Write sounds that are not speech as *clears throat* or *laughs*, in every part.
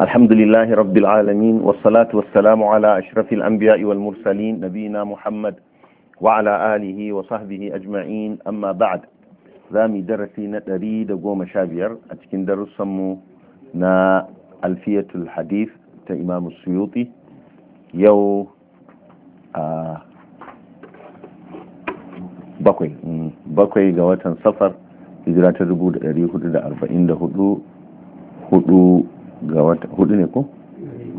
الحمد لله رب العالمين والصلاة والسلام على أشرف الأنبياء والمرسلين نبينا محمد وعلى آله وصحبه أجمعين أما بعد ذامي درسي نتري دقوم شابير أتكين درس سمو نا ألفية الحديث تإمام السيوطي يو بقوي bakwai bakwai ga watan safar hijira أربعين 1444 ga wata hudu ne ko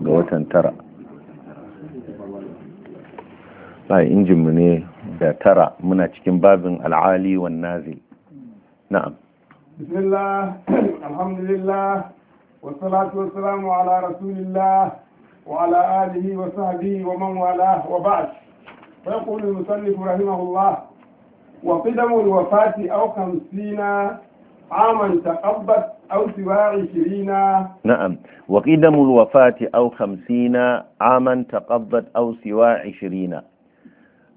ga watan tara a mu ne da tara muna cikin babin al'ali wan nazil na'am bismillah alhamdulillah wa salamu ala rasulillah wa ala alihi wa sahbihi wa man wala wa ba'd fa yaqulu al-musannif rahimahullah wa qadamu al-wafati aw 50 عاما تقبت أو سوى عشرين نعم وقدم الوفاة أو خمسين عاما تقضت أو سوى عشرين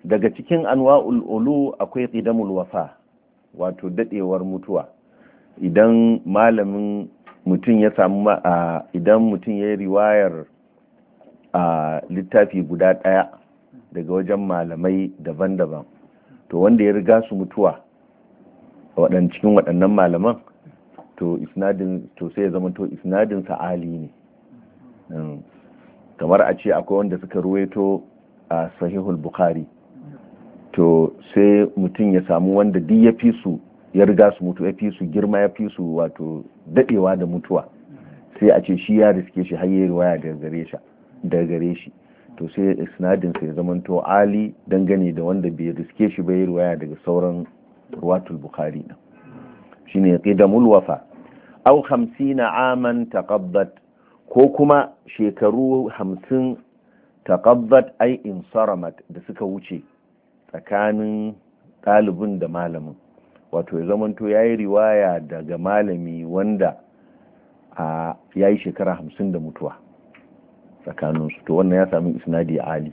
daga cikin anwa'ul ulu akwai qidamul wafa wato dadewar mutuwa idan malamin mutum ya samu idan mutum ya yi riwayar a littafi guda ɗaya daga wajen malamai daban-daban to wanda ya riga su mutuwa cikin waɗannan malaman to isnadin to sai ya zamanto isnadin sa ali ne hmm. kamar a ce akwai wanda suka ruwaito a sahihul bukhari to sai mutum ya samu wanda duk ya fi su ya riga su mutu ya fi su girma ya fi su wato dadewa da mutuwa sai a ce shi ya riske shi har yayi riwaya daga gare shi to sai isnadin sai zamanto ali dangane da wanda bai riske shi bai riwaya daga sauran ruwatul bukhari na shine qidamul wafa au hamsina aman taqabbat ko kuma shekaru hamsin taqabbat ai insaramat da suka wuce tsakanin ɗalibin da malamin wato ya zamanto ya yi riwaya daga malami wanda ya yi shekara hamsin da mutuwa tsakaninsu to wannan ya sami isnadi ali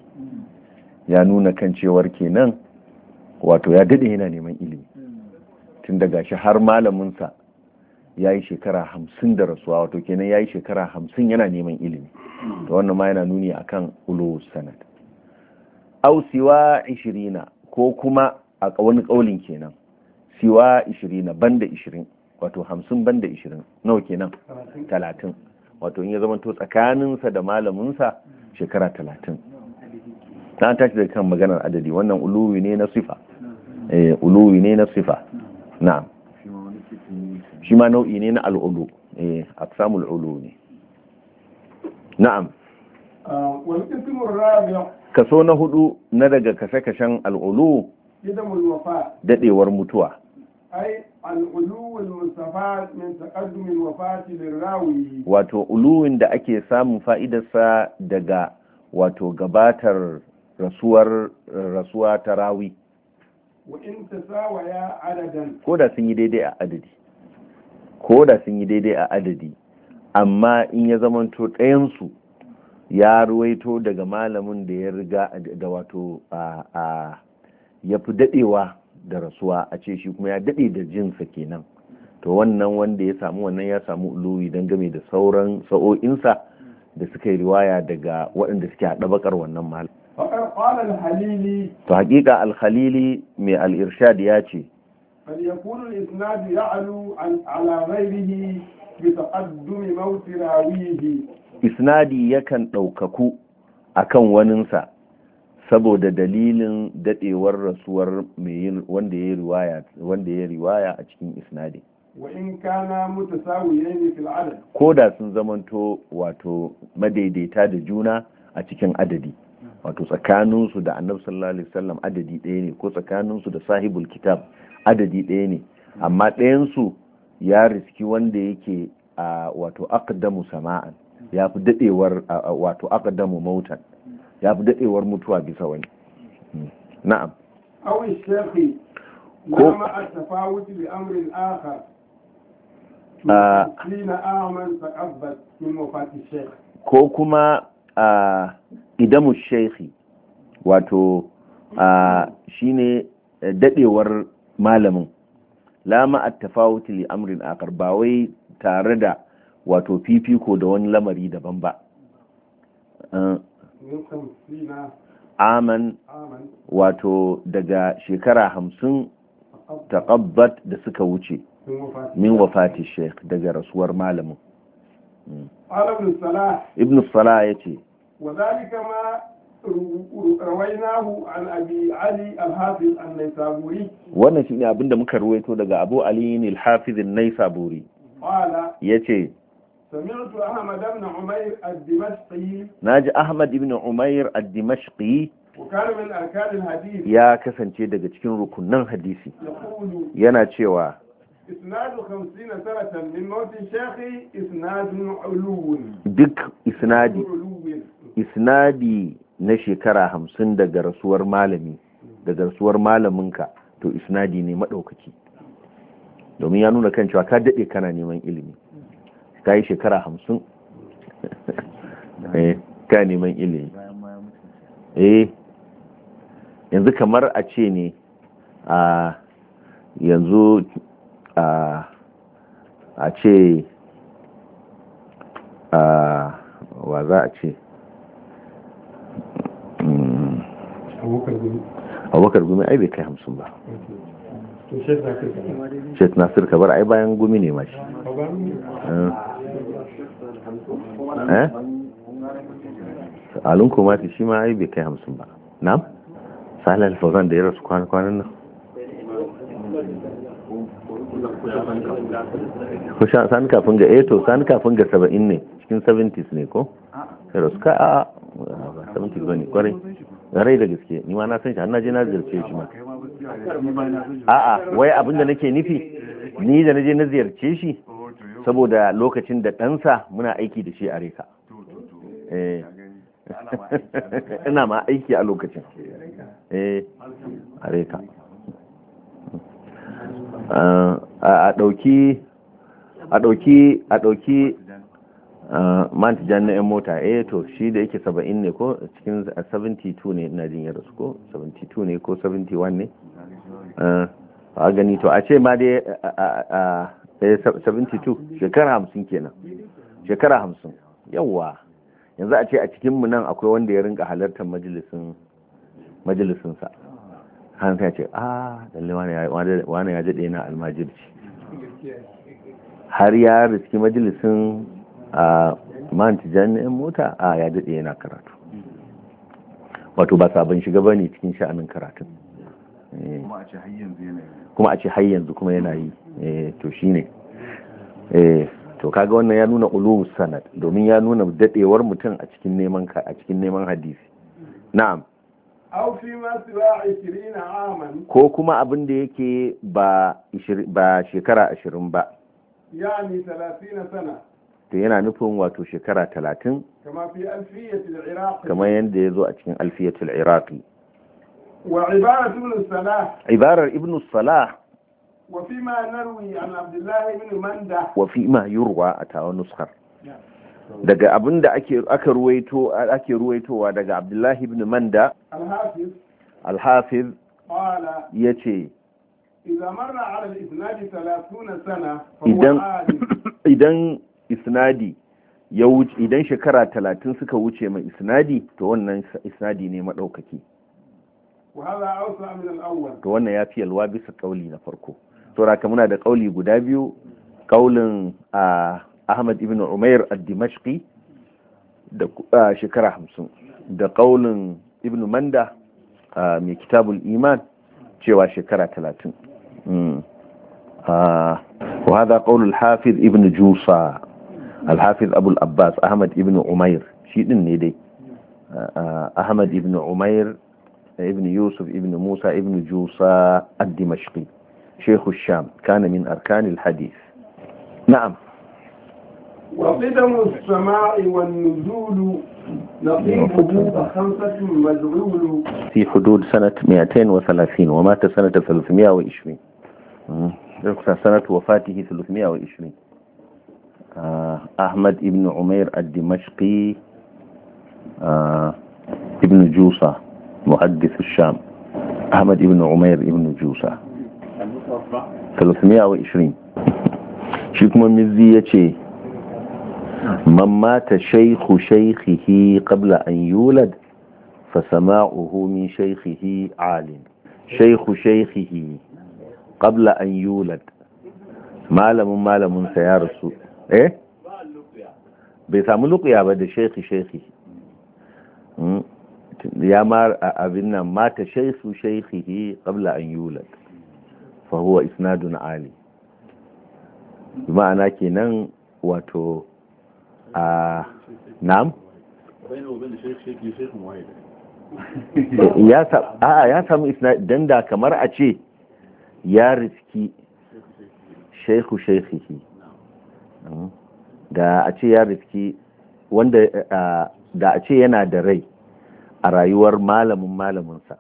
ya nuna kan cewar kenan wato ya daɗe yana neman ilimi tun daga shi har malaminsa ya yi shekara hamsin da rasuwa wato kenan ya yi shekara hamsin yana neman ilimi ta wannan ma yana nuni a kan ulowar sanad au siwa ishirina ko kuma a wani ƙaulin kenan siwa ishirina banda ishirin wato hamsin banda ishirin nawa kenan talatin wato in ya zama to tsakaninsa da malaminsa shekara talatin ta tashi daga kan maganar adadi wannan uluwi ne na sifa eh, uluwi ne na sifa na'am shi ma nau'i ne na al'ulu eh aqsamul ulu ne na'am ah, wal ismu rabi' kaso na hudu na daga kashe-kashen al'ulu dadewar mutuwa wato uluwin da ake samun fa'idarsa daga wato gabatar rasuwar rasuwa ta rawi ko da sun yi daidai a adadi ko da sun yi daidai a adadi amma in ya zamanto ɗayansu ya ruwaito daga malamin da ya riga da wato a ya fi daɗewa da rasuwa a ce shi kuma ya daɗe da jinsa kenan to wannan wanda ya samu wannan ya samu uluwi don game da sauran sa'o'insa da suka yi riwaya daga waɗanda suke haɗa bakar wannan malam. To haƙiƙa alhalili mai al'irshad ya ce, قد يكون الإسناد يعلو على غيره بتقدم موت راويه إسنادي يكن ɗaukaku akan waninsa saboda dalilin dadewar rasuwar wanda ya riwaya wanda ya riwaya a cikin isnadi wa in kana mutasawiyayn fil adad ko da sun zamanto wato madaidaita da juna a cikin adadi wato tsakaninsu da annabi sallallahu alaihi wasallam adadi ɗaya ne ko tsakaninsu da sahibul kitab adadi ɗaya ne amma ɗayansu ya riski wanda yake wato aqdamu sama'an ya fi daɗewar wato aqdamu mautan ya fi daɗewar mutuwa bisa wani hmm. na'am ko ma'a tafawuti bi amrin akhar ko kuma idamu shekhi wato shine eh, dadewar malamin lama at tafawuti li amrin akar ba wai tare da wato fifiko da wani lamari daban ba eh, aman wato daga shekara hamsin taqabbat da suka wuce min wafati sheikh daga rasuwar malamin hmm. ibn salah ya ce ma wannan shine abinda muka ruwaito daga Abu Ali ne hafiz an-Naisaburi yace sami'tu Ahmad ibn umair ad-Dimashqi naji Ahmad ibn Umair ad-Dimashqi ya kasance daga cikin rukunan hadisi yana cewa isnadu 50 sanatan min isnadun duk isnadi isnadi na shekara hamsin daga rasuwar malami daga rasuwar malaminka to isnadi ne maɗaukaki domin ya nuna kan cewa ka daɗe kana neman ilimi ka yi shekara hamsin eh, ka neman ilimi eh yanzu kamar a ce ne a yanzu a ce a wa za a ce abubakar gumi ai bai kai hamsin ba shek sirka bar ai bayan gumi ne mashi eh? eh? alun kuma ta shi ma ai bai kai hamsin ba na sahal alfazan da ya rasu kwanan nan san kafin ga eto eh san kafin ga 70 ne cikin 70s ne ko ya rasu ka a zo ne kwarai rai da gaske ni ma na san shi na je na ziyarce shi ma a'a wai abin da nake nufi ni da na je na ziyarce shi saboda lokacin da ɗansa muna aiki da shi a reka eh. *laughs* ina ma aiki a lokacin eh, a reka eh, a ɗauki a ɗauki a ɗauki man jan na 'yan mota eh to shi da yake 70 ne ko cikin 72 ne ina jin ya su ko 72 ne ko 71 ne eh, a gani to a ce ma dai 72 eh, shekara hamsin kenan shekara hamsin yawwa yanzu a ce a cikinmu nan akwai wanda ya rinka halartar majalisin majalisinsa hannu ah, ya ce a dalle wani ya jaɗe na almajirci har ya riski majalisin a man yan mota a ya daɗe yana karatu wato ba sabon shiga ba ne cikin sha'anin karatun eh. kuma a ce har yanzu kuma yana yi eh, to shi ne eh, to kaga wannan ya nuna ulu sanad domin ya nuna daɗewar mutum a cikin neman a cikin neman hadisi na'am aw fi ma siwa 20 aman ko kuma abin da yake ba ba shekara 20 ba yani 30 sana to yana nufin wato shekara talatin kamar yadda ya zo a cikin alfiyatul iraqi ibarar ibn salah wafi ma yurwa a tawa nuskar daga abin da aka ruwaitowa daga abdullahi ibn manda alhafiz ya ce idan *clears throat* isnadi ya wuce idan shekara talatin suka wuce mai isnadi to wannan isnadi ne maɗaukaki to wannan ya fi yalwa bisa ƙauli na farko sauraka muna da ƙauli guda biyu ƙaulin ahmad ibn umair al-dimashqi da shekara hamsin da ƙaulin ibn manda mai kitabul iman cewa shekara talatin وهذا hmm. قول hafiz ibn جوصى alhafiz abul abbas ahmad ibn umair shi din ne dai ahmad ibn umair ibn yusuf ibn musa ibn jusa ad-dimashqi shaykh sham kana min arkan al-hadith na'am وقدم السماء والنزول نقيبه خمسة مزعول في حدود سنة 230 ومات سنة 320 سنة وفاته 320 آه، أحمد ابن عمير الدمشقي آه، ابن جوسة محدث الشام أحمد ابن عمير ابن جوسة 320 من مزية من مات شيخ شيخه قبل أن يولد فسماعه من شيخه عالم شيخ شيخه قبل أن يولد مالم مالم سيارسو eh bai samu lukuya ba da shekhi shekhi hmm? ya mar abin nan mata shaikhu shaikhihi qabla an yulad fa huwa isnadun ali ma'ana kenan wato a nam ya samu isnadun da kamar a ce ya riski shaikhu shaikhihi da a ce yana da rai a rayuwar malamin malaminsa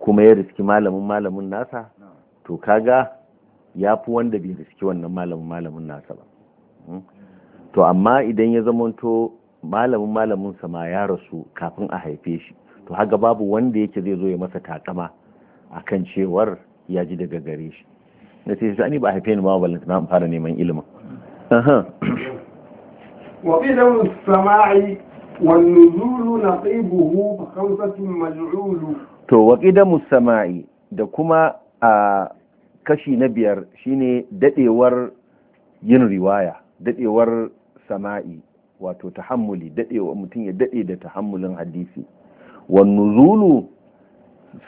kuma ya riski malamin malamin nasa to kaga ya fi wanda bai riski wannan malamin malamin nasa ba hmm? to amma idan ya zamanto malamin malaminsa ma ya rasu kafin a haife shi to haga babu wanda yake zai zo ya masa takama a kan cewar ya ji daga gare shi da ce shi ni ba haife ni ma balanta na fara neman ilimin wa ilmu samai wan nuzulu naqibuhu fa khamsati maj'ul to wa ilmu samai da kuma a kashi na biyar shine dadewar yin riwaya dadewar sama'i wato tahammuli dadewa mutum ya dade da tahammulin hadisi wan nuzulu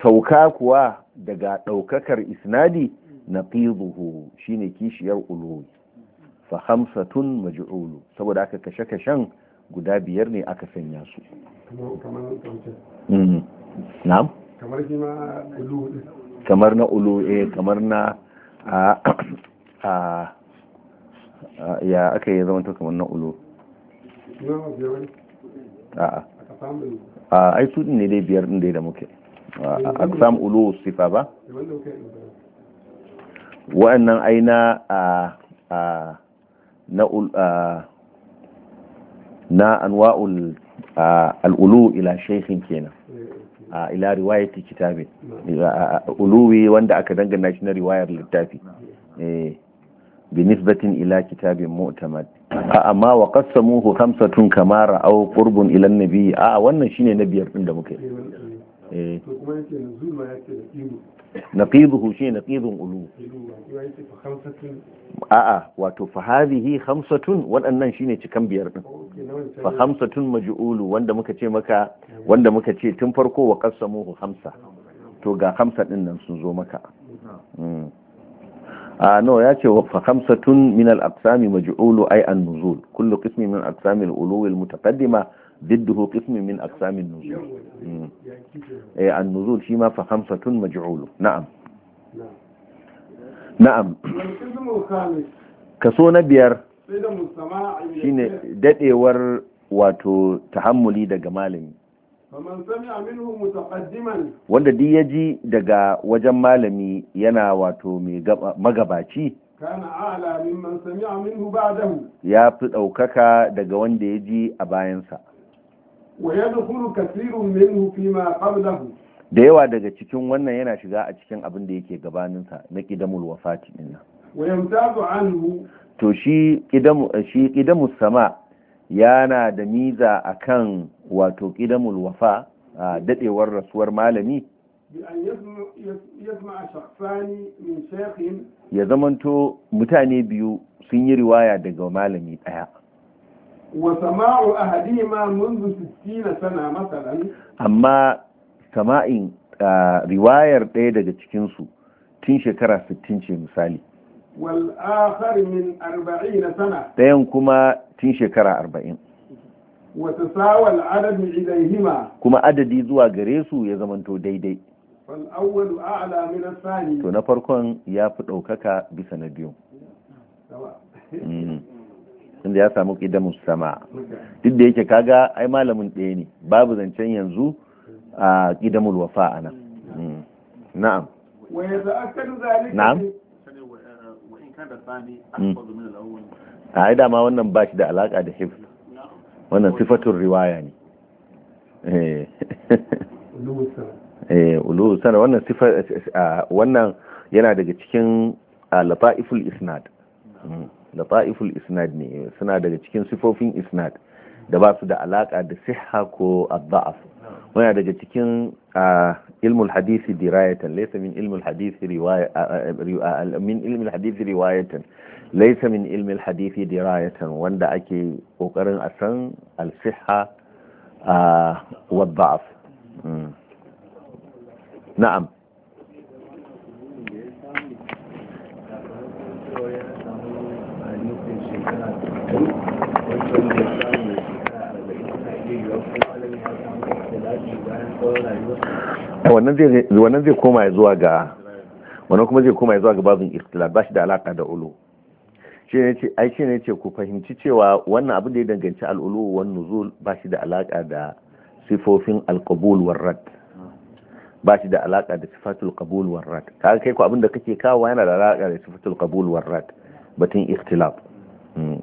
sauka kuwa daga daukakar isnadi naqiduhu shine kishiyar uluwi fa hamsatun maj'ulu saboda aka kashe kashen guda biyar ne aka sanya su kamar mm-hmm. shi ma kamar na eh, kamar na a ya aka yi zama kamar na ai su ne dai biyar ɗin da muke a ulu sifa wa'annan aina a na na anwa'ul al'ulu ila shaikhin kenan a ila riwayati kitabin uluwi wanda aka dangana shi na riwayar littafi eh, binisbatin ila kitabin mu'tamad amma wa qassamuhu khamsatun kama ra'aw qurbun ila an-nabi a wannan shine na biyar din da muke eh naqiduhu shi naqidun ulu a'a wato fa hadhihi khamsatun waɗannan shine cikan biyar din fa khamsatun maj'ulu wanda muka ce tun farko wa qassamuhu khamsa to ga khamsa din sun zo maka hmm. a no ya ce wa fa khamsatun min al-aqsami maj'ulu ay an-nuzul kullu qismin min aqsami al-ulu al-mutaqaddima ضده قسم من أقسام النزول النزول فيما فخمسة مجعول نعم نعم kaso na biyar shine daɗewar wato tahammuli daga malami wanda duk ya ji daga wajen malami yana wato magabaci ya fi ɗaukaka daga wanda ya ji a bayansa ويدخل كثير منه فيما قبله da yawa daga cikin wannan yana shiga a cikin abin da yake gabaninsa na kidamul wafati din nan to shi kidamu shi kidamu sama yana da miza akan wato kidamul wafa dadewar rasuwar malami ya zamanto mutane biyu sun yi riwaya daga malami daya amma أحدهما منذ sama'in riwayar ɗaya daga cikinsu tun shekara 60 ce misali min sana ɗayan kuma tun shekara 40 kuma adadi zuwa gare su ya zamanto daidai sani to na farkon ya fi ɗaukaka bisa na biyu tunda ya samu ƙidamun sama duk da yake kaga ai malamin ɗaya ne babu zancen yanzu a ƙidamul wafa a nan mm. na'am na'am mm. a yi dama wannan ba shi da alaƙa da hifz wannan sifatun riwaya ne eh. *laughs* eh, ulu sana wannan sifar wannan yana daga cikin lata'iful isnad mm. da ta'iful isnad ne suna daga cikin sifofin isnad da ba su da alaka da siha ko adda'af wani daga cikin ilmul hadisi dirayatan laysa min ilmul hadisi riwaya min ilmul hadisi riwayatan laysa min ilmul hadisi dirayatan wanda ake kokarin a san al-siha wa da'af hmm. na'am wannan zai koma zuwa ga wannan kuma zai koma zuwa ga babin ikhtilaf ba shi da alaka da ulu shi ne ce ku fahimci cewa wannan abin da ya danganci al'ulu wannan nuzul ba shi da alaka da sifofin alqabul rat, ba shi da alaka da sifatul qabul war ka kai ku abin da kake kawo yana da alaka da sifatul qabul war batun ikhtilaf hmm.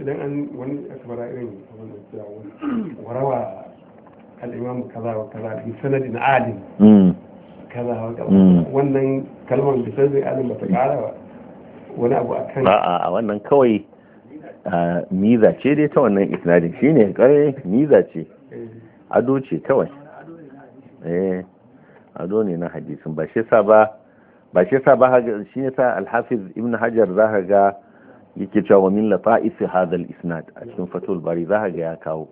idan an wani akbara irin abin da cewa warawa al'imam kaza wa kaza fi na alim hmm. kaza wa kaza hmm. wannan kalmar da na alim ba ta kara ba wani abu a kan akan a wannan kawai miza ce dai ta wannan isnadin ne kare miza ce eh. ado ce kawai eh ado ne na hadisin ba shi sa ba ba shi sa ba shi ne sa alhafiz ibn hajar za ka ga yake cewa min lata'isi hadal isnad a cikin fatul bari za ga ya kawo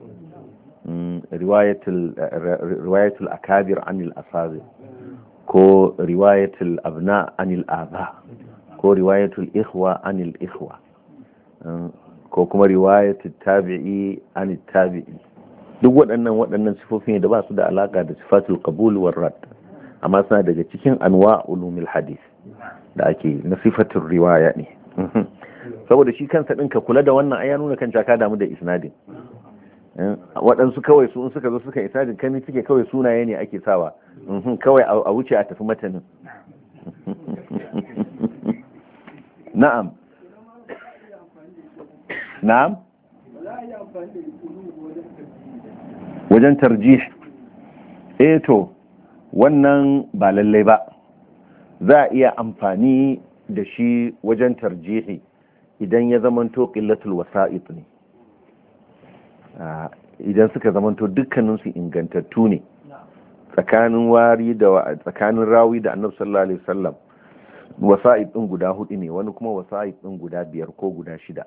mm, riwayatul akabir anil asabe ko riwayatul abna anil aba ko riwayatul ikhwa anil ikhwa mm, ko kuma riwayatul tabi'i anil tabi'i duk waɗannan waɗannan sifofi ne da ba su da alaka da sifatul qabul war rad amma suna daga cikin anwa ulumil hadith da ake na sifatul riwaya ne *laughs* saboda shi kansa ɗin ka kula da wannan ai nuna kan ka damu da isnadin eh, waɗansu kawai su in suka zo suka isnadin kani suke kawai sunaye ne ake sawa mhm, kawai a wuce a tafi matanin *laughs* na'am na'am wajen tarjih E, to wannan ba lallai ba za a iya amfani da shi wajen tarjihi idan ya zamanto ƙillatul wasa'id ne ah, idan suka zamanto dukkaninsu ingantattu ne tsakanin wari da tsakanin rawi da annabi sallallahu alaihi wasallam wasa'id din guda hudu ne wani kuma wasa'id din guda biyar ko guda shida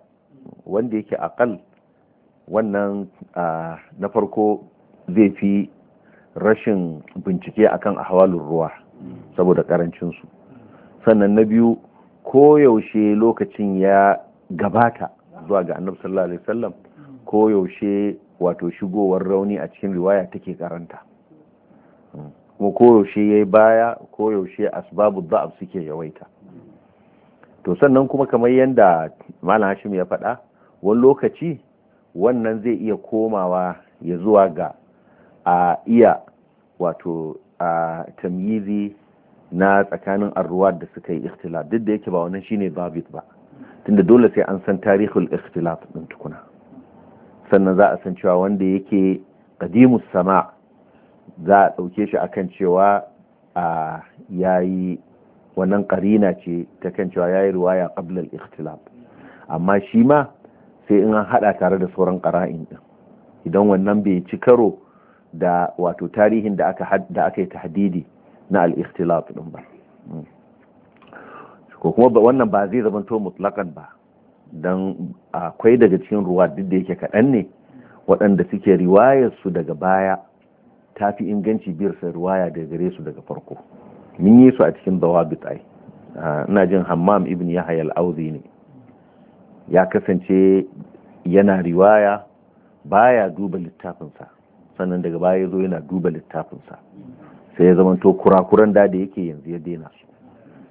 wanda yake akal wannan ah, na farko zai fi rashin bincike akan ahwalur ruwa saboda karancin su sannan na biyu koyaushe lokacin ya gabata zuwa ga annabi sallallahu alaihi wasallam koyaushe wato shigowar rauni a cikin riwaya take karanta kuma koyaushe ya yi baya koyaushe asbabu da'af suke yawaita to sannan kuma kamar yadda malam hashim ya faɗa wani lokaci wannan zai iya komawa ya zuwa ga a iya wato a tamyizi na tsakanin arruwa da suka yi ikhtilaf duk da yake ba wannan shine babit ba tunda dole sai an san tarihul ikhtilaf din tukuna sannan za a san cewa wanda yake qadimus sama za a dauke shi akan cewa a yayi wannan ƙarina ce ta kan cewa yayi riwaya qabla al ikhtilaf amma shi ma sai in an hada tare da sauran qara'in din idan wannan bai ci karo da wato tarihin da aka da aka yi tahdidi na al ɗin din ba hmm. ko kuma wannan ba zai zama to mutlakan ba don akwai daga cikin ruwa duk da yake kaɗan ne waɗanda suke riwayarsu daga baya ta fi inganci biyar sa riwaya da gare su daga farko mun yi su a cikin bawa bitai ah, ina jin hammam ibn yahayal hayal auzi ne ya kasance yana riwaya baya duba littafinsa sannan daga baya ya zo yana duba littafinsa sai ya zamanto kurakuran da da yake yanzu ya daina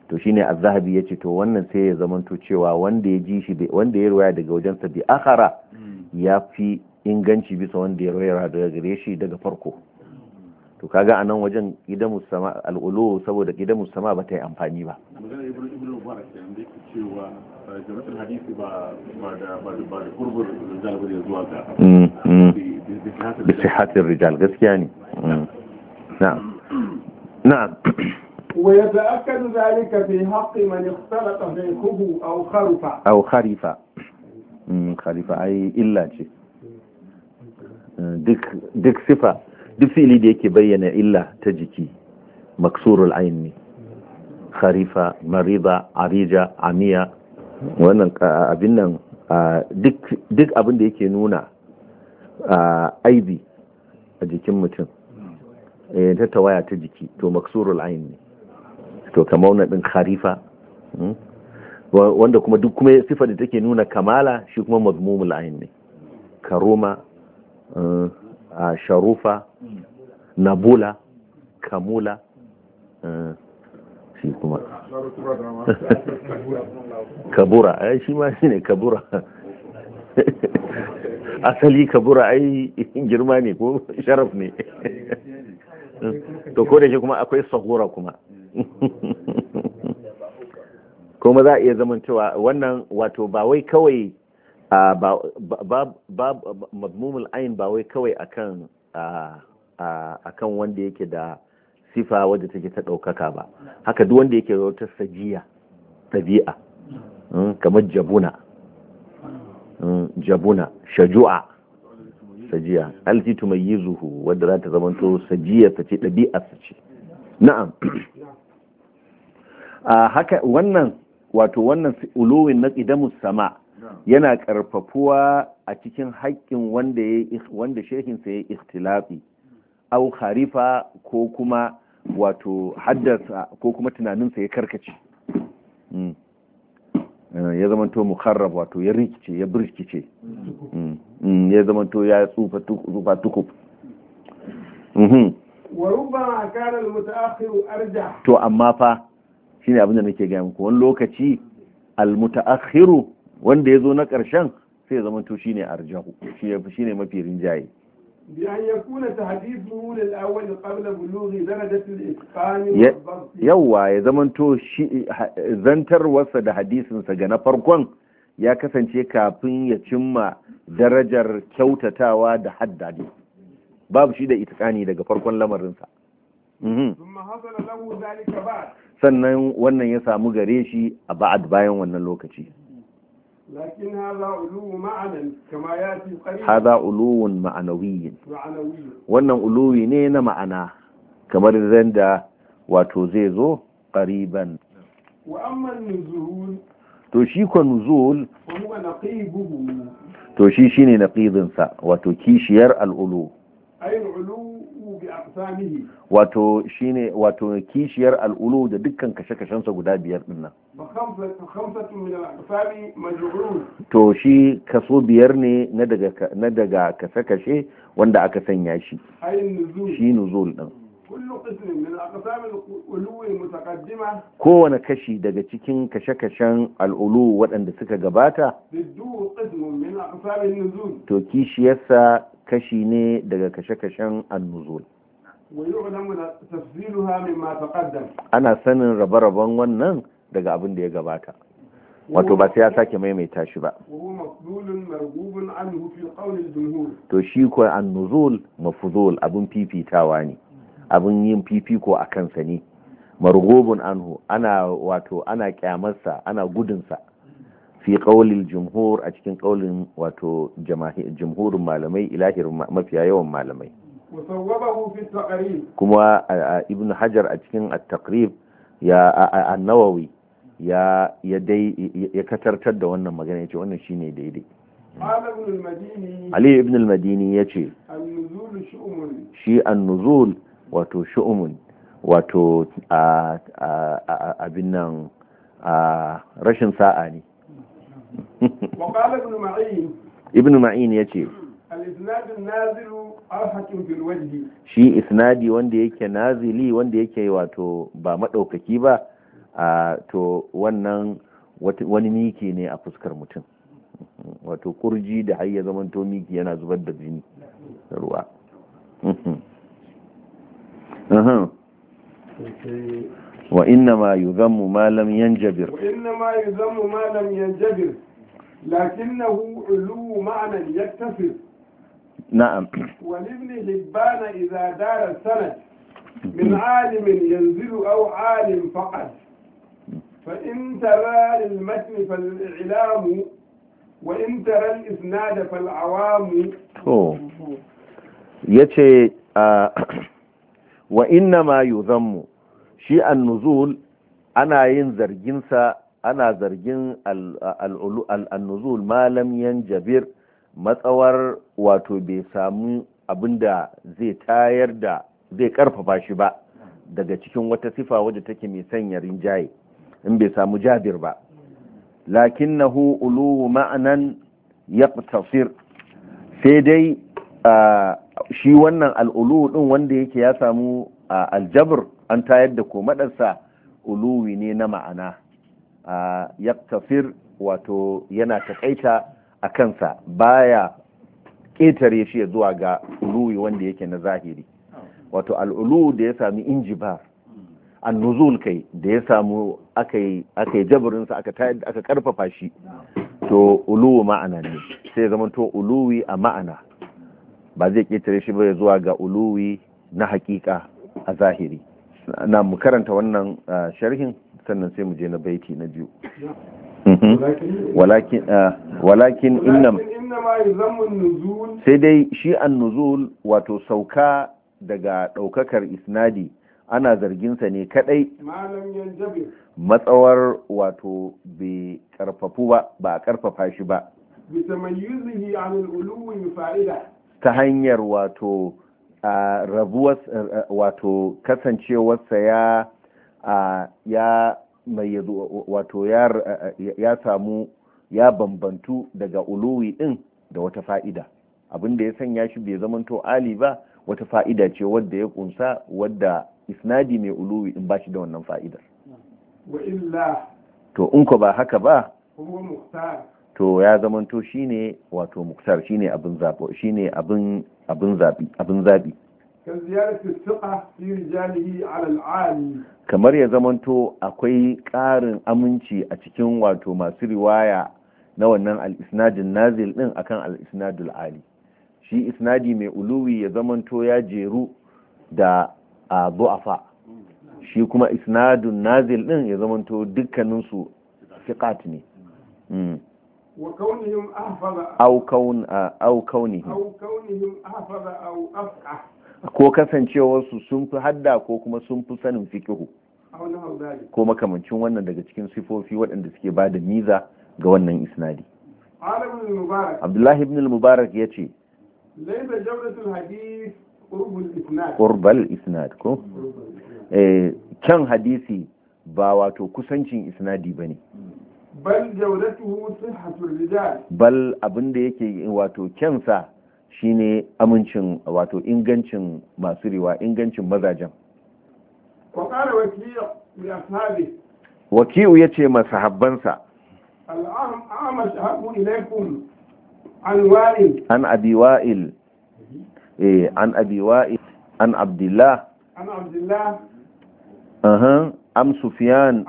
to shine az-zahabi yace to wannan sai ya zamanto cewa wanda ya ji shi wanda ya ruwaya daga wajen sa bi akhara ya fi inganci bisa wanda ya ruwaya daga gare shi daga farko to kaga anan wajen gidan musama al-ulu saboda gidan musama ba ta yi amfani ba da sihatin rijal gaskiya ne na'am na'am *clears throat* ويتأكد ذلك في حق من اختلط فيكه أو خرف أو خرف خرف أي إلا شيء duk sifa duk fili da yake bayyana illa ta jiki maksurul aini kharifa mariba arija amiya wannan abin nan duk abin da yake nuna aibi a jikin mutum Eh, ta tawaya ta jiki to maksurul ain ne to kamar wani ɗin kharifa hmm? wanda kuma duk kuma sifar da take nuna kamala shi kuma mazmumul ain ne karoma eh, sharufa nabula kamula eh, shi kuma *laughs* kabura ai shi ma ne kabura *laughs* asali kabura ai girma ne ko sharaf ne *laughs* to ko da shi kuma akwai sahura kuma kuma za a iya zamantawa wannan wato ba wai kawai ba mazmumul ayin ba wai kawai akan akan wanda yake da sifa wadda take ta ɗaukaka ba haka duk wanda yake wata sajiya ɗabi'a hmm, kamar jabuna hmm, jabuna shaju'a sajiya alti tumayyizuhu wadda za ta zamanto sajiya ta ce ɗabi'ar ce na'am *clears throat* a haka wannan wato wannan ulowin na qidamus sama yana karfafuwa a cikin haƙƙin wanda ya wanda shehin sa ya ikhtilafi au kharifa ko kuma wato haddasa ko kuma tunanin sa ya karkace hmm. Eh, ya zamanto mukarrab wato ya rikice ya birkice mm, mm, ya zamanto ya tsufa tukub mm-hmm. to amma fa shine abin da nake gaya muku wani lokaci almutaakhiru wanda ya zo na ƙarshen sai ya zamanto shine arjahu shine mafi rinjaye بأن يكون تحديثه للأول قبل بلوغ درجة الإتقان والضبط يوا يا زمن تو زنتر وسد حديث سجن فرقون ya kasance kafin ya cimma darajar kyautatawa da haddade babu shi da itikani daga farkon lamarinsa sannan wannan ya samu gare shi a ba'ad bayan wannan lokaci لكن هذا علو معنى كما ياتي قريبا هذا علو معنوي wannan uluwi ne na ma'ana kamar zanda wato zai zo qariban wa amma nuzul to shi ko nuzul to shi shine naqidin sa wato kishiyar al ulu wato ne wato kishiyar al'ulu da dukkan kashe-kashensa guda biyar din nan to shi kaso biyar ne na daga kashe-kashe wanda aka sanya shi shi nuzul din kowane kashi daga cikin kashe-kashen al'ulu waɗanda suka gabata to kishiyarsa kashi ne daga kashe-kashen annuzul ana sanin rabe-raben wannan daga abin da ya gabata wato ba sai ya sake maimaita shi ba to shi ko annuzul mafuzul abin fifitawa ne abin yin fifiko a kansa ne margubun anhu ana wato ana kyamarsa ana gudunsa fi ƙaulil jumhur a cikin ƙaulin wato jumhurin malamai ilahirin mafiya yawan malamai kuma ibn hajar a cikin at-taqrib ya an-nawawi ya ya dai ya katartar da wannan magana yace wannan shine daidai Ali ibn al-Madini yace shi an-nuzul wato shu'umun wato abin nan rashin sa'a ne ibn ma'in yace shi isnadi wanda yake nazili wanda yake wato ba maɗaukaki ba a to wannan wani miki ne a fuskar mutum wato kurji da har ya to miki yana zubar da jini ruwa wa inna ma yi ma Malam yanjabir wa inna ma yuzammu ma lam yanjabir lakinnahu نعم walibn hibban إذا دار sanad من عالم ينزل أو عالم فقط فإن ترى المتن فالإعلام وإن ترى الإسناد فالعوام يتي وإنما يذم شيء النزول أنا ينزر جنسا أنا زرجين النزول ما لم ينجبر matsawar wato bai samu abinda zai tayar da zai karfafa shi ba daga cikin wata sifa wadda take mai sanya rinjaye in bai samu jabir ba lakin nahu ulu ma'anan tafsir sai dai shi wannan al'ulu din wanda yake ya samu aljabr an tayar da ko komadarsa uluwi ne na ma'ana tafsir wato yana taƙaita. a kansa baya ƙetare shi ya zuwa ga uluwi wanda yake na zahiri wato al'ulu da ya sami inji ba annuzul kai da ya samu aka yi jabirinsa aka karfafa shi to uluwu ma'ana ne sai zama to uluwi a ma'ana ba zai ƙetare shi ba ya zuwa ga uluwi na hakika a zahiri na mu karanta wannan ah, sharhin sannan sai mu je na baiti na biyu Mhm. Ah, walakin innam sai dai shi an nuzul wato sauka daga ɗaukakar isnadi ana zarginsa ne kadai matsawar wato bai karfafu ba ba a karfafa shi ba ta hanyar wato rabuwar wato kasancewarsa ya mai wato ya samu ya bambantu daga uluwi din da wata fa'ida abin da ya sanya shi bai zamanto ali ba wata fa'ida ce wadda ya kunsa wadda isnadi mai uluwi in ba shi da wannan fa'idar to in ko ba haka ba to ya zamanto shine wato muktar shine abin abin zabi kamar ya zamanto akwai ƙarin aminci a cikin wato masu riwaya na wannan al-isnadin nazil din akan al-isnadul ali shi isnadi mai uluwi ya zamanto ya jeru da a bu'afa shi kuma isnadun nazil din ya zamanto dukkaninsu fiqat ne hmm. au kaunihim ahfaza au afqah ko kasancewarsu sun fi hadda ko kuma sun fi sanin fikihu ko makamancin wannan daga cikin sifofi waɗanda suke ba da miza ga wannan isnadi abdullahi ibn mubarak ya ce ƙurbal isnad ko eh, kyan hadisi ba wato kusancin isnadi ba ne bal abinda yake wato kyansa shine amincin wato ingancin masu riwa ingancin mazajen wakiyu ya ce habbansa an abi wa'il an abi wa'il an an عن am sufiyan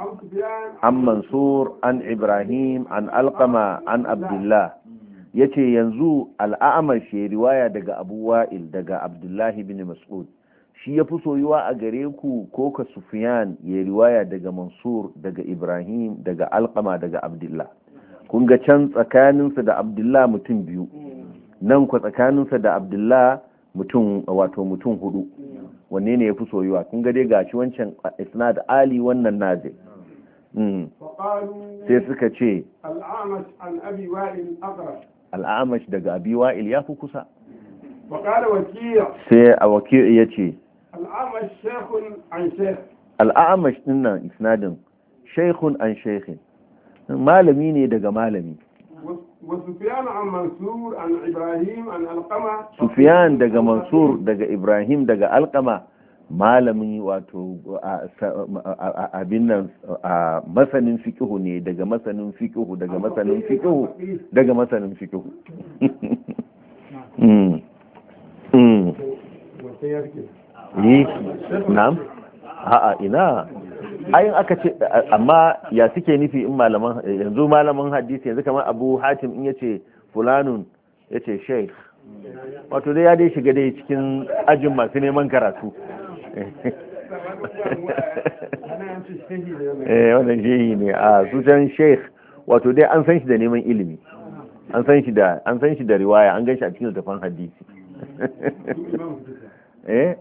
an mansur an ibrahim an alkama an abdillah ya ce yanzu al'amar shi riwaya daga abu wa'il daga abdullahi bin mas'ud shi ya fi soyuwa a gare ku ko ka sufiyan ya riwaya daga mansur daga ibrahim daga alkama daga abdullah kun ga can tsakaninsa da abdullah mutum biyu nan ku tsakaninsa da abdullah mutum wato mutum hudu wanne ne ya fi soyuwa kun ga dai gashi wancan isnad ali wannan nazi hmm. sai suka ce al'amash an abi wa'il al'amash daga abi wa'il ya fi kusa sai a wakil ya ce al'amash din nan isnadin shaikhun an shaikhin malami ne daga malami sufiyan daga mansur daga ibrahim daga alkama malamin wato abin nan masanin fikihu ne daga masanin fikihu daga masanin fikihu daga masanin fikihu hmm. Hmm. na'am a'a ina ayin aka ce amma ya suke nufi in malaman yanzu malaman hadisi yanzu kamar abu hatim in yace fulanun yace sheikh wato dai ya dai shiga dai cikin ajin masu neman karatu eh wannan shehi ne a su sheikh wato dai an san shi da neman ilimi an san shi da an san shi da riwaya an gan shi a cikin tafan hadisi eh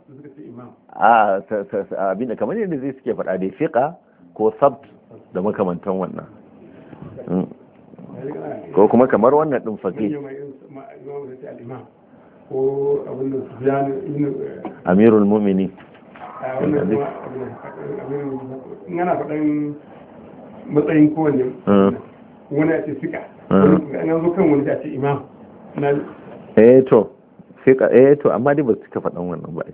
a abin da kamar yadda zai suke fada dai fiqa ko sabt da makamantan wannan ko kuma kamar wannan din faqih amirul mu'minin wannan kuma abin yana faɗin matsayin kowanne hmm. wani a ce sika hmm. wani zo kan wani a ce imam eh to sika eh to amma dai ba su cika faɗan wannan ba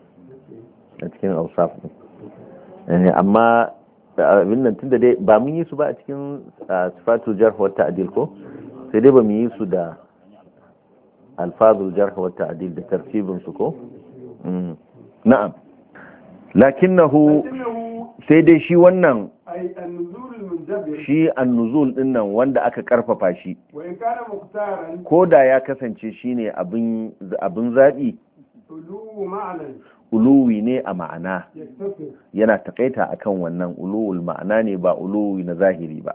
a cikin ausaf ne eh, amma abin nan tunda dai ba mun yi su ba a cikin sifatul jarh wa ta'dil ko sai dai ba mu yi su da alfazul jarh wa ta'dil da tartibin su ko hmm. na'am Lakin nahu, sai dai shi wannan shi annuzul din nan wanda aka karfafa shi ko da ya kasance shi ne abin zaɓi? uluwi ne a ma'ana yana takaita akan wannan uluwul ma'ana ne ba uluwi na zahiri ba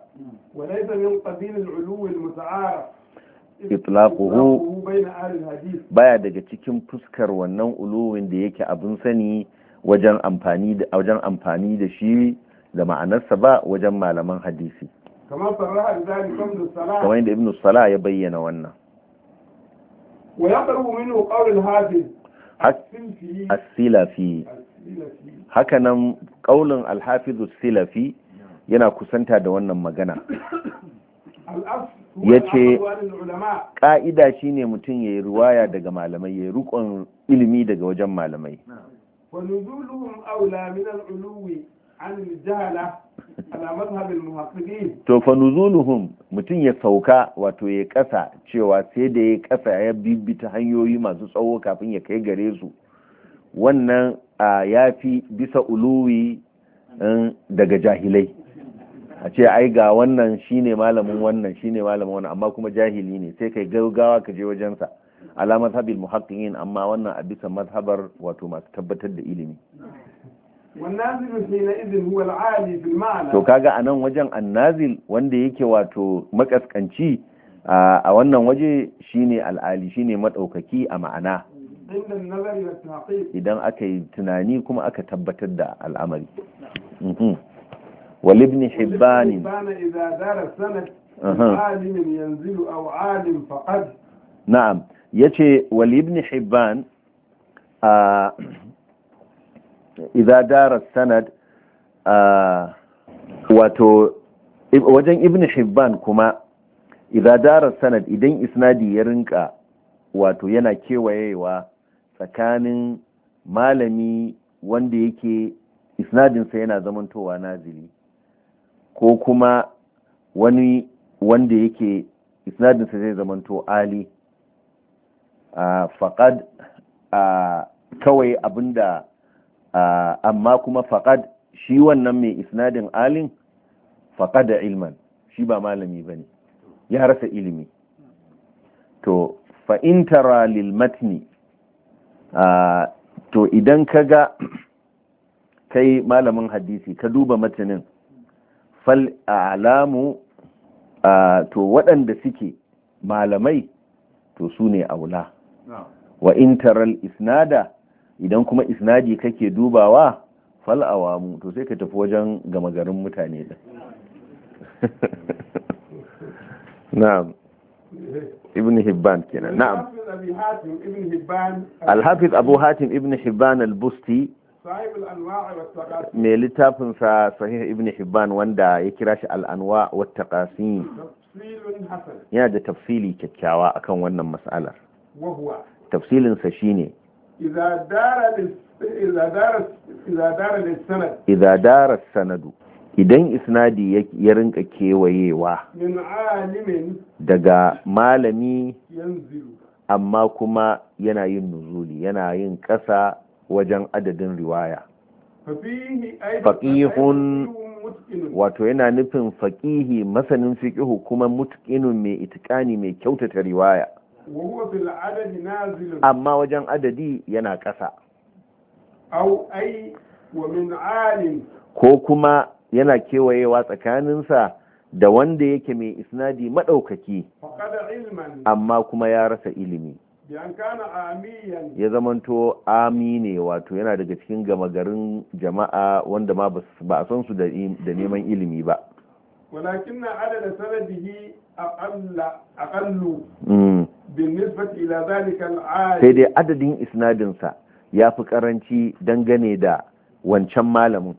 itlaquhu baya daga cikin fuskar wannan uluwin da yake abin sani wajen amfani da wajen amfani da shi da ma'anarsa ba wajen malaman hadisi kamar sarraha da da ibnu salah ya bayyana wannan wa yaqrabu minhu qawl al-hafiz as-silafi haka nan qaulin al-hafiz as-silafi yana kusanta da wannan magana ya ce ƙa'ida shine mutum ya yi ruwaya daga malamai ya yi rukon ilimi daga wajen malamai ونزولهم أولى من العلو عن الجهلة على مذهب المحققين تو فنزولهم mutum ya واتو wato ya kasa cewa sai da ya kasa ya bibita يكي غريزو tsawo kafin ya kai gare su wannan daga jahilai a ce ai ga wannan shine malamin wannan shine malamin wannan amma kuma jahili ne sai kai gaugawa ka je wajensa ala mazhabil muhaqqiqin amma wannan a bisa mazhabar wato masu tabbatar da ilimi to kaga a nan wajen annazil wanda yake wato makaskanci a wannan waje shine al'ali shine madaukaki a ma'ana idan aka yi tunani kuma aka tabbatar da al'amari mhm. walibni hibbanin na'am ya ce walibni hibban a sanad a wato wajen ibni hibban kuma idza sanad idan isnadi ya rinka wato yana kewayewa tsakanin malami wanda yake isnadinsa yana zamantowa nazili ko kuma wani wanda yake isnadinsa zai zamanto ali Ah, faƙad ah, kawai abinda ah, amma kuma faƙad shi wannan mai isnadin alin faƙad da ilman shi ba malami ba ne ya rasa ilimi to fa'intara lilmatini to idan ka ga *clears throat* kai malamin hadisi ka duba matanin fal alamu to waɗanda suke malamai to su ne aula wa intaral isnada idan kuma isnadi kake dubawa fal awamu to sai ka tafi wajen gama garin mutane da. *laughs* na'am ibn hibban kenan na'am al uh, abu hatim ibn hibban al-busti mai littafinsa sahih ibn hibban wanda ya kira shi al'anwa wata ƙasin. yana da tafsili kyakkyawa akan wannan mas'alar. tafsilinsa shi ne idza dara sanadu idan isnadi ya rinka kewayewa daga malami amma kuma yana yin nuzuli yana yin ƙasa wajen adadin riwaya faƙihun wato yana nufin faƙihi masanin fiƙihu kuma mutƙinun mai itikani mai kyautata riwaya amma wajen adadi yana ƙasa ko kuma yana kewayewa tsakaninsa da wanda yake mai isnadi maɗaukaki amma kuma ya rasa ilimi ya zamanto amine wato yana daga cikin gama garin jama'a wanda ma ba a san su da neman ilimi ba walakin na adada sanadihi sai dai adadin isnadinsa ya fi karanci dangane da wancan malamin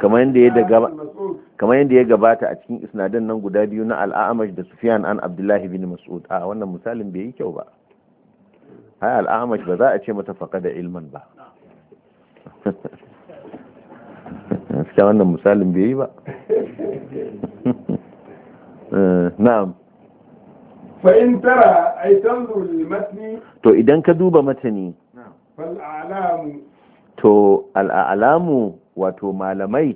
kamar yadda ya gabata a cikin isnadin nan guda biyu na al'amash da sufiyan an abdullahi bin mas'ud a wannan misalin bai yi kyau ba hai al'amash ba za a ce mata faka da ilman ba cikin wannan misalin bai yi ba Eh, na'am fa in tara ay tanzur lil matni to idan ka duba matani fal to al a'lamu wato malamai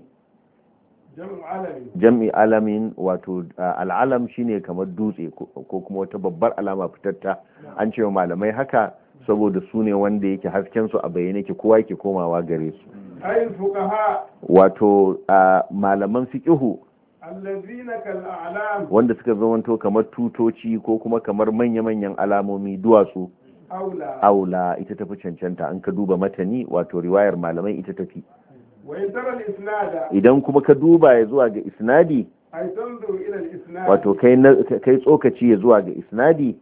jam'i alamin wato al'alam shine kamar dutse ko kuma wata babbar alama fitatta an ce malamai haka saboda su ne wanda yake hasken su a bayyane ki kowa yake komawa gare su wato malaman fiqihu wanda suka zamanto kamar tutoci ko kuma kamar manya-manyan alamomi duwatsu aula ita tafi cancanta an ka duba matani wato riwayar malamai ita tafi idan kuma ka duba ya zuwa ga isnadi wato kai tsokaci ya zuwa ga isnadi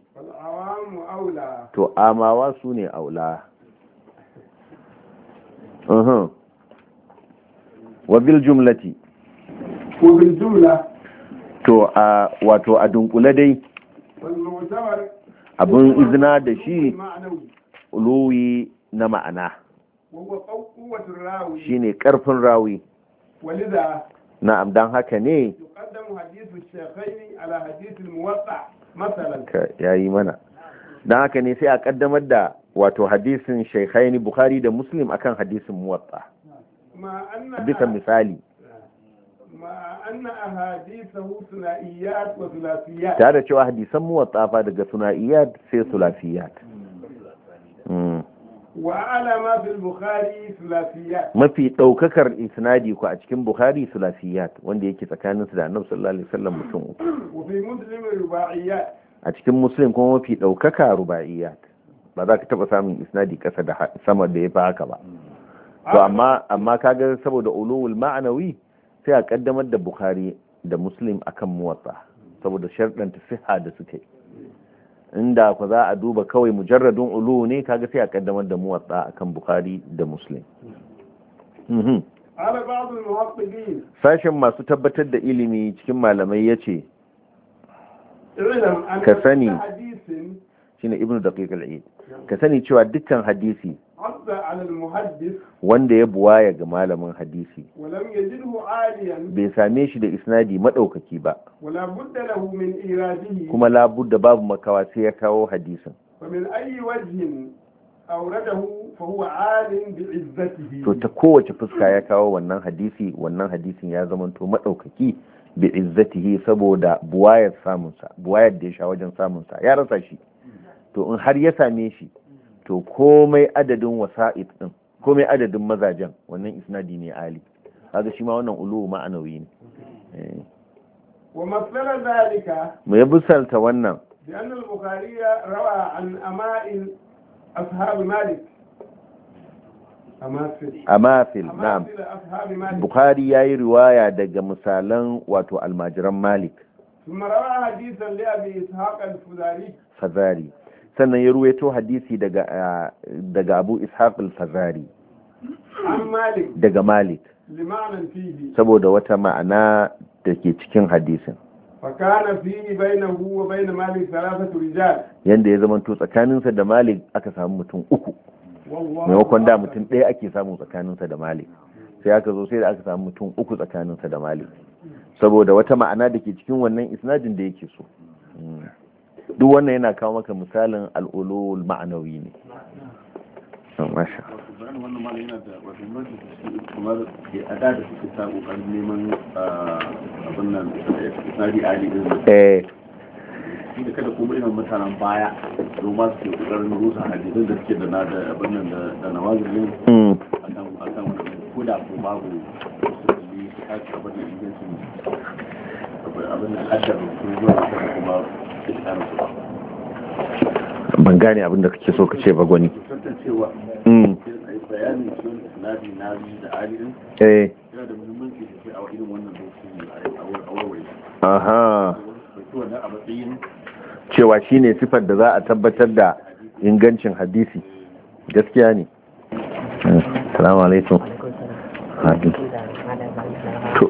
to amawa su ne aula wabil jumlati to a wato a dunkule dai abin izina da shi luwi na ma'ana shi ne ƙarfin rawi na'am don haka ne ya yi mana don haka ne sai a ƙaddamar da wato hadisin shaikhaini bukhari da muslim akan hadisin muwatta bisa misali Ta da cewa hadisan watsafa daga suna'iyat sai sulafiyat hmm. mafi ɗaukakar isnadi ku a cikin bukhari sulafiyat wanda yake tsakanin su da annabi sallallahu alaihi wasallam mutum uku a cikin muslim kuma mafi ɗaukaka ruba'iyat ba za ka taɓa samun isnadi ƙasa da sama da ya fi haka ba to hmm. amma amma kaga saboda ulowul ma'anawi sai a kaddamar da bukhari da muslim akan muwatsa saboda ta siha da suke inda ku za a duba kawai mujarradun ulu ne kaga sai a kaddamar da muwatsa akan bukhari da muslim mhm. sashen masu tabbatar da ilimi cikin malamai ya ce ka sani shine ibnu da ka sani cewa dukkan hadisi wanda ya buwaya ga malamin hadisi bai same shi da isnadi maɗaukaki ba kuma labudda babu makawa sai ya kawo hadisin to ta kowace fuska ya kawo wannan hadisi wannan hadisin ya zamanto maɗaukaki bi izzatihi saboda buwayar samunsa buwayar da ya sha wajen samunsa ya rasa shi to in har ya same shi to komai adadin wasa'id din komai adadin mazajen wannan isnadi ne ali kaga shi ma wannan ulu ma'anawi ne eh. wa masalan zalika mu ya busalta wannan bi Bukhari al-bukhari rawa an ama'il ashab malik amafil na'am bukhari yayi riwaya daga misalan wato almajiran malik ثم روى حديثا لأبي إسحاق الفزاري فزاري sannan ya ruwaito hadisi daga daga Abu Ishaq al-Fazari daga Malik saboda wata ma'ana da ke cikin hadisin fakana fihi bainahu wa bain Malik thalathatu rijal yanda ya zamanto tsakaninsa da Malik aka samu mutum uku maimakon da mutum ɗaya ake samu tsakaninsa da Malik sai aka zo sai da aka samu mutum uku tsakaninsa da Malik saboda wata ma'ana da ke cikin wannan isnadin da yake so hmm. duk wannan yana kawo maka misalin al'ulul ma'anawi ne masha eh shi da kada kuma irin mutanen baya domin su ke kokarin rusa hadisin da suke da na da abin nan da na wazirin hmm. akan akan wannan ko da ko babu su ne abin da ingancin abin da ashar kuma ban gane abin kake so ka ce ba gwani hmm. eh. cewa shi ne sifar da za a tabbatar da ingancin hadisi gaskiya ne salamu alaikum to